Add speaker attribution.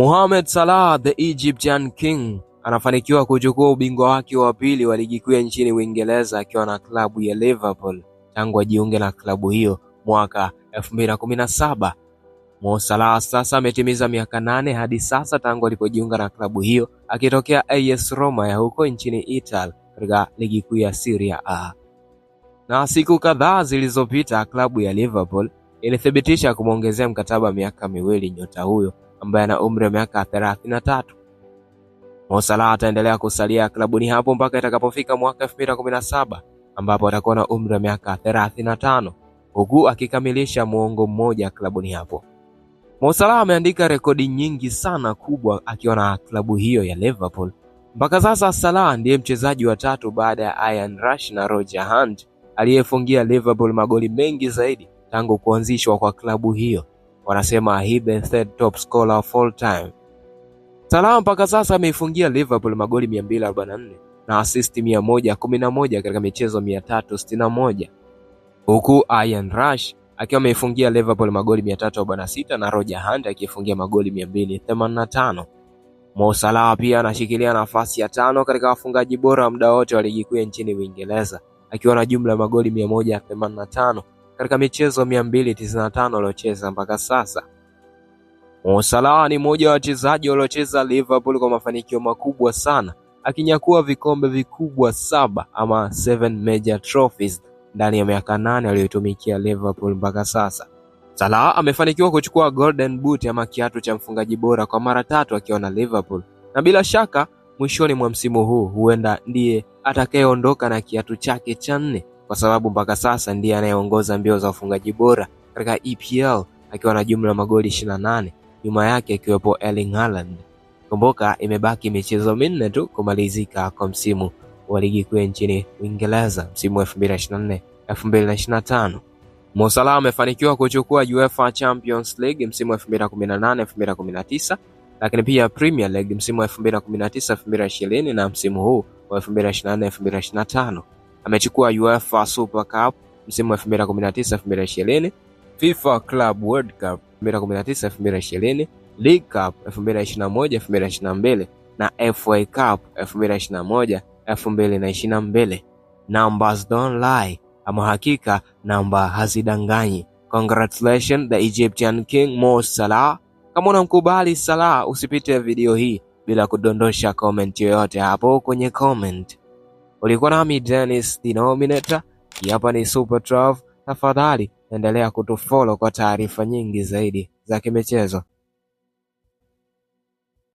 Speaker 1: Mohamed Salah the Egyptian King anafanikiwa kuchukua ubingwa wake wa pili wa ligi kuu ya nchini Uingereza akiwa na klabu ya Liverpool tangu ajiunge na klabu hiyo mwaka 2017. Mo Salah sasa ametimiza miaka nane hadi sasa tangu alipojiunga na klabu hiyo akitokea AS Roma ya huko nchini Italy katika ligi kuu ya Serie A. Na siku kadhaa zilizopita klabu ya Liverpool ilithibitisha kumwongezea mkataba miaka miwili nyota huyo ambaye ana umri wa miaka 33. Mo Salah ataendelea kusalia klabuni hapo mpaka itakapofika mwaka 2017 ambapo atakuwa na umri wa miaka 35 huku akikamilisha muongo mmoja klabuni hapo. Mo Salah ameandika rekodi nyingi sana kubwa akiwa na klabu hiyo ya Liverpool. Mpaka sasa Salah ndiye mchezaji wa tatu baada ya Ian Rush na Roger Hunt aliyefungia Liverpool magoli mengi zaidi tangu kuanzishwa kwa klabu hiyo wanasema he the third top scorer of all time. Salah mpaka sasa ameifungia Liverpool magoli 244 na assist 111 katika michezo 361 huku Ian Rush akiwa ameifungia Liverpool magoli 346 na Roger Hunt akifungia magoli 285. Mo Salah pia anashikilia nafasi ya tano katika wafungaji bora wa muda wote wa ligi kuu nchini Uingereza akiwa na jumla ya magoli 185 katika michezo 295 aliocheza mpaka sasa. Mo Salah ni mmoja wa wachezaji waliocheza Liverpool kwa mafanikio makubwa sana, akinyakua vikombe vikubwa saba ama seven major trophies ndani ya miaka nane aliyoitumikia Liverpool mpaka sasa. Salah amefanikiwa kuchukua golden boot ama kiatu cha mfungaji bora kwa mara tatu akiwa na Liverpool, na bila shaka mwishoni mwa msimu huu huenda ndiye atakayeondoka na kiatu chake cha nne kwa sababu mpaka sasa ndiye anayeongoza mbio za wafungaji bora katika EPL akiwa na jumla ya magoli 28, nyuma yake akiwepo Erling Haaland. Kumbuka imebaki michezo minne tu kumalizika kwa msimu wa ligi kuu nchini Uingereza msimu wa 2024 2025. Mo Salah amefanikiwa kuchukua UEFA Champions League msimu 2018 2019, lakini pia Premier League msimu 2019 2020 na msimu huu wa 2024 2025 amechukua UEFA Super Cup msimu wa 2019 2020, FIFA Club World Cup 2019 2020, League Cup 2021 2022 na FA Cup 2021 2022. Numbers don't lie, ama hakika namba hazidanganyi. Congratulations the Egyptian King Mo Salah. Kama unamkubali Salah, usipite video hii bila kudondosha comment yoyote hapo kwenye comment. Ulikuwa nami Dennis Denominator, hii hapa ni Super Trove. Tafadhali endelea kutufollow kwa taarifa nyingi zaidi za kimichezo.